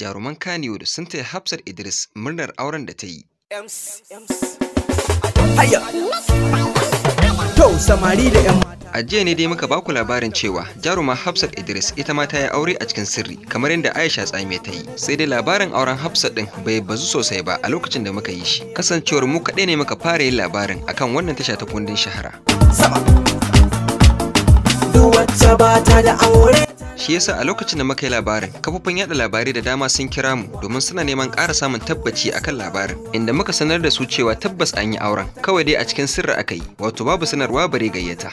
jaruman da sun taya hafsar idris murnar auren da ta yi a jiya ne dai muka baku labarin cewa jaruma hafsat idris ita ma ta yi aure a cikin sirri kamar yadda aisha tsamiya ta yi sai dai labarin auren hafsat din bai bazu sosai ba a lokacin da muka yi shi kasancewar mu kaɗai ne muka fara yin labarin akan wannan tasha ta kundin shahara Duwata ba ta da aure Shi yasa a lokacin da muka yi labarin, kafofin yada labarai da dama sun kira mu domin suna neman ƙara samun tabbaci akan labarin, inda muka sanar da su cewa tabbas an yi auren, kawai dai a cikin sirri aka yi, wato babu sanarwa bare gayyata.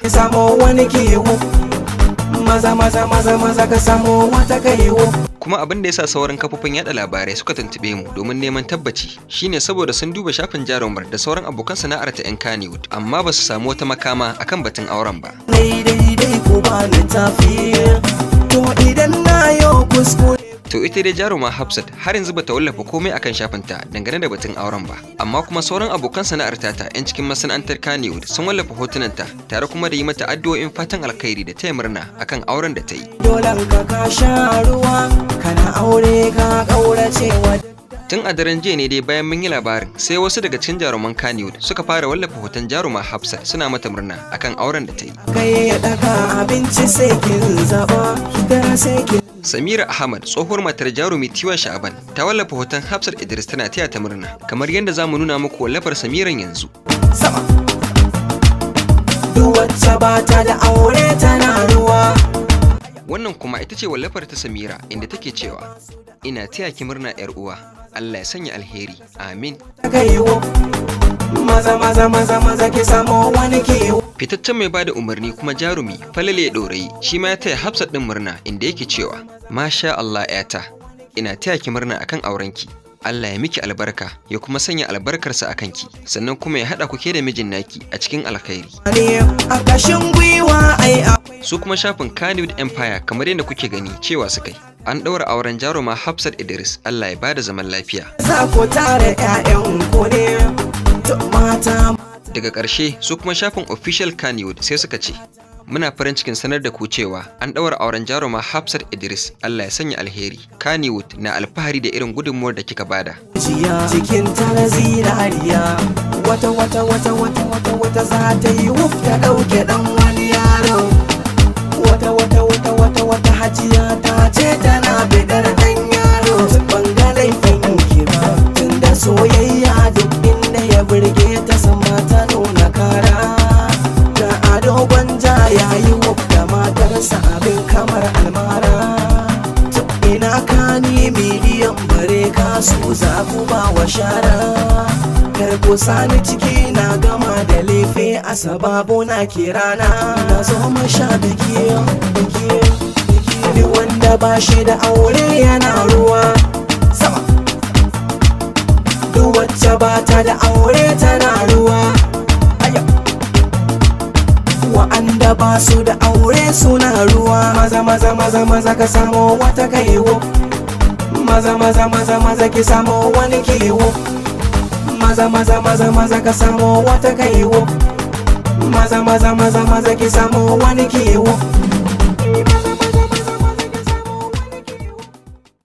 maza maza maza maza ka samu wata kaiwo kuma abin da yasa sauran kafofin yada labarai suka tuntube mu domin neman tabbaci shine saboda sun duba shafin jarumar da sauran abokan sana'ar ta yan kaniwood amma ba su samu wata makama akan batun auren ba daidai ko ba tafiya. To ita dai jaruma Hafsat har yanzu bata wallafa komai akan shafinta dangane da batun auren ba, amma kuma sauran abokan sana'ar ta 'yan cikin masana'antar Kannywood sun wallafa hotunanta tare kuma da yi mata addu'o'in fatan alkhairi da taya murna akan auren da ta yi. Tun a daren jiya ne dai bayan mun yi labarin sai wasu daga cikin jaruman Kannywood suka fara wallafa hoton jaruma Hafsat suna mata murna akan auren da ta yi. Samira Ahmad tsohuwar matar jarumi Tiwa Sha'aban ta wallafa hoton Hafsat Idris tana taya ta murna kamar yadda za mu nuna muku wallafar Samiran yanzu. Wannan kuma ita ce wallafar ta Samira inda take cewa ina taya ki murna yar uwa Allah ya sanya alheri amin. Maza maza maza maza ki samu wani fitaccen mai bada umarni kuma jarumi falale ɗorayi shi ma ya taya hafsat ɗin murna inda yake cewa masha Allah yata ina taya ki murna akan aurenki Allah ya miki albarka ya kuma sanya albarkarsa a kanki sannan kuma ya haɗa ku ke da mijin naki a cikin alkhairi. Su kuma shafin Kannywood Empire kamar yadda kuke gani cewa su kai. An ɗaura auren jaruma Hafsat Idris Allah ya bada zaman lafiya. Za ku tare 'ya'yan ku ne, mata daga ƙarshe su kuma shafin official kanyewood sai suka ce muna farin cikin sanar da ku cewa an ɗaura auren jaruma hafsat idris allah ya sanya alheri kanyewood na alfahari da irin gudunmuwar da kika bada yi wuf ta kofar almara ina ka ni miliyan bare ka so za ku ba wa shara karko sani ciki na gama da lefe a sababu na kirana na zo masha biki biki wanda ba shi da aure yana ruwa sama duk wacce ba ta da aure tana ruwa wa'anda ba su da aure suna ruwa maza maza maza maza ka samo wata kaiwo maza maza maza maza ki samo wani kiwo maza maza maza maza ka samo wata kaiwo maza maza maza maza ki samo wani kiwo